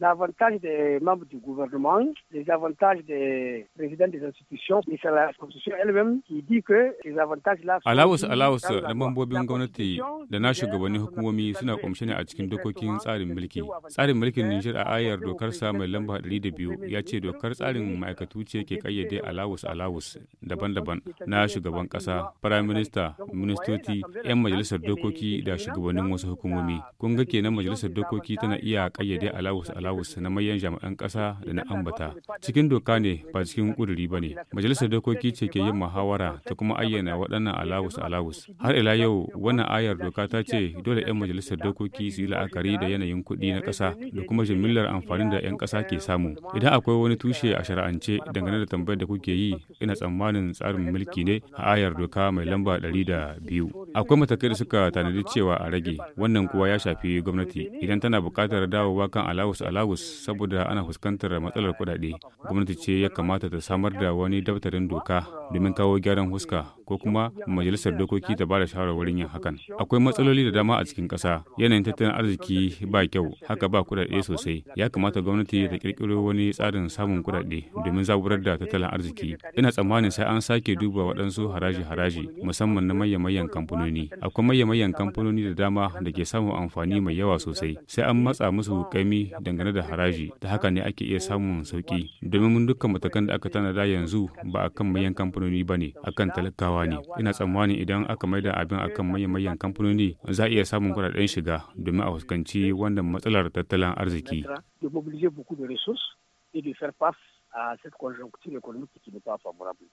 l'avantage des membres du gouvernement, les avantages des présidents des institutions, mais c'est la Constitution elle-même qui dit que ces avantages-là sont... da mambobin gwamnati da na shugabannin hukumomi suna kumshe ne a cikin dokokin tsarin mulki. Tsarin mulkin Nijar a ayar dokarsa mai lamba biyu ya ce dokar tsarin ma'aikatu ce ke kayyade a alawus daban-daban na shugaban kasa, firayim minista, ministoci, 'yan majalisar dokoki da shugabannin wasu hukumomi. Kun kenan majalisar dokoki tana iya kayyade alawus alawus alawus na manyan jami'an ƙasa da na ambata cikin doka ne ba cikin ƙuduri ba ne majalisar dokoki ce ke yin muhawara ta kuma ayyana waɗannan alawus alawus har ila yau wannan ayar doka ta ce dole 'yan majalisar dokoki su yi la'akari da yanayin kuɗi na ƙasa da kuma jimillar amfanin da 'yan ƙasa ke samu idan akwai wani tushe a shari'ance dangane da tambayar da kuke yi ina tsammanin tsarin mulki ne a ayar doka mai lamba ɗari da biyu. Akwai matakai da suka tanadi cewa a rage, wannan kuwa ya shafi gwamnati idan tana buƙatar dawowa kan alawus alawus saboda ana fuskantar matsalar kudade Gwamnati ce ya kamata ta samar da wani daftarin doka domin kawo gyaran huska ko kuma majalisar dokoki ta bada shawarwarin yin hakan akwai matsaloli da dama a cikin ƙasa yanayin tattalin arziki ba kyau haka ba kuɗaɗe sosai ya kamata gwamnati ta ƙirƙiro wani tsarin samun kuɗaɗe domin zaburar da tattalin arziki ina tsammanin sai an sake duba waɗansu haraji-haraji musamman na maye-mayen kamfanoni akwai maye-mayen kamfanoni da dama da ke samun amfani mai yawa sosai sai an matsa musu kaimi dangane da haraji ta haka ne ake iya samun sauki domin mun dukkan matakan da aka tana da yanzu ba a kan manyan kamfanoni ba ne akan talakawa ne ina tsammani idan aka maida abin akan manyan kamfanoni za a iya samun kudaden shiga domin a fuskanci wannan matsalar tattalin arziki